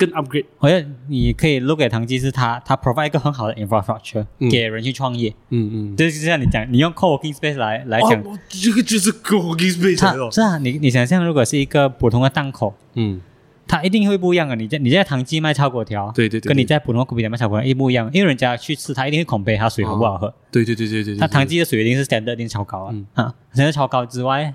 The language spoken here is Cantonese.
更 upgrade，好像你可以 look at 糖記，是佢，佢 provide 一個很好的 infrastructure，嗯、給人去創業。嗯嗯，即就是、像你講，你用 co-working space 來來講，哦，這個就是 co-working space 是啊，你你想象如果是一個普通的檔口，嗯，它一定會不一樣啊。你在你在糖吉賣炒粿條，對對，對，對，跟你在普通古店賣炒粿條一模一樣，因為人家去吃，他一定會恐杯，他水好不好喝？啊、對，對，對，對，對，對，對對對對對。它唐吉的水一定是 standard，一定是超高啊、嗯！啊，除了超高之外。